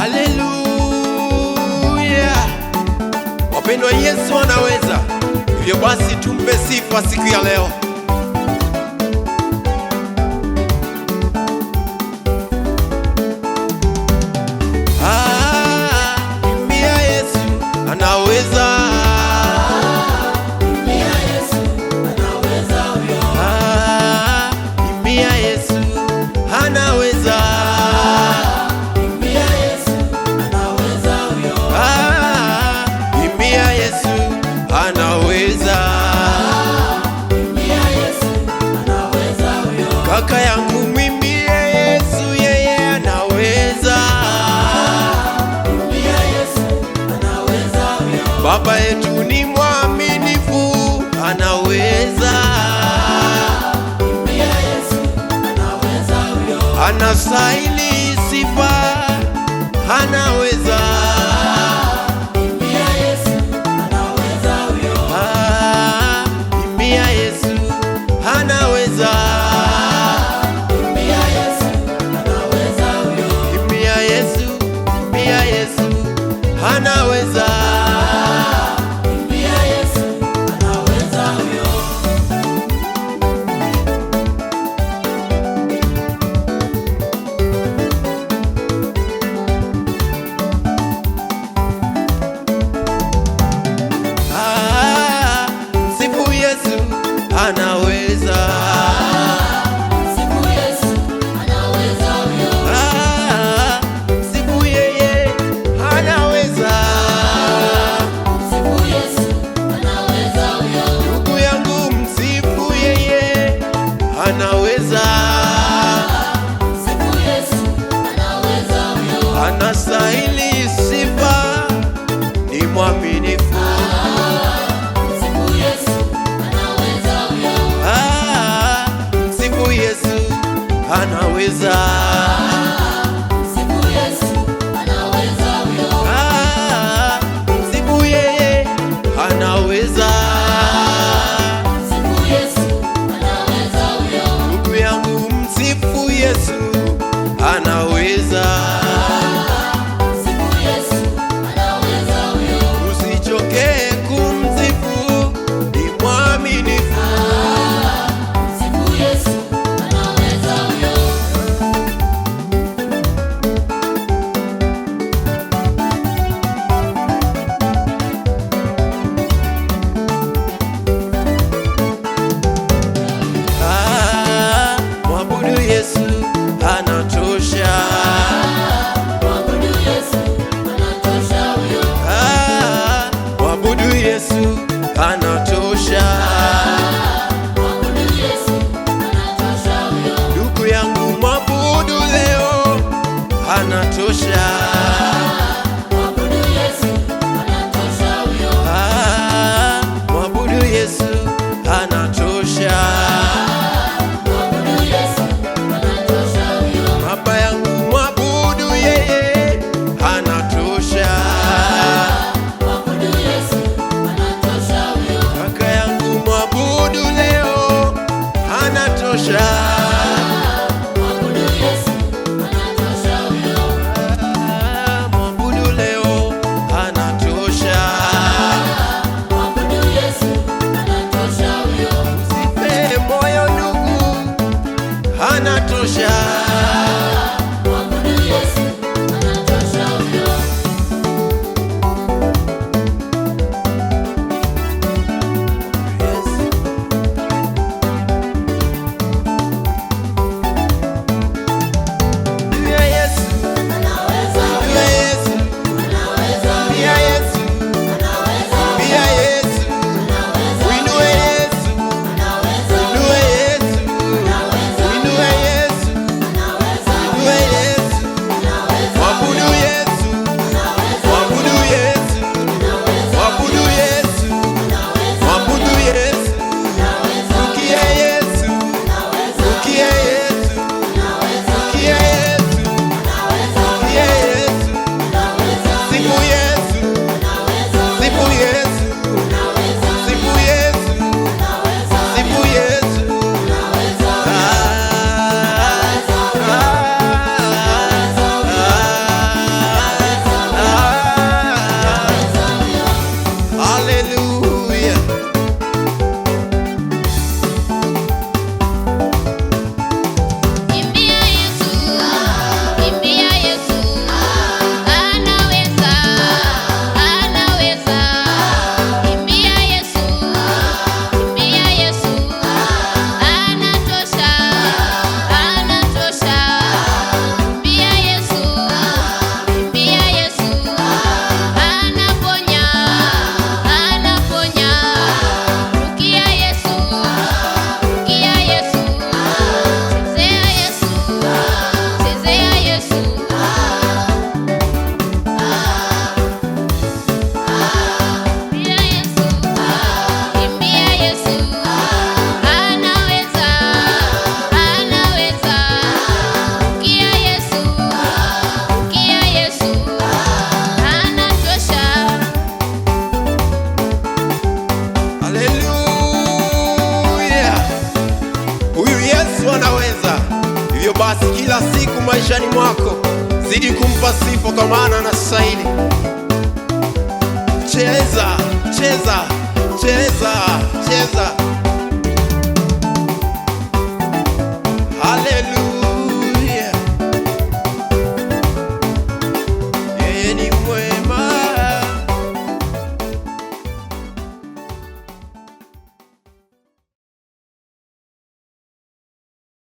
Haleluya, wapendwa, Yesu anaweza. Hivyo basi tumpe sifa siku ya leo. Ah, Yesu anaweza anastahili sifa, anaweza Imbia Yesu, anaweza anastahili sifa, ni mwaminifu Yesu anaweza anatosha. mwako, zidi kumpa sifa, kwa maana anastahili. Cheza, cheza, cheza.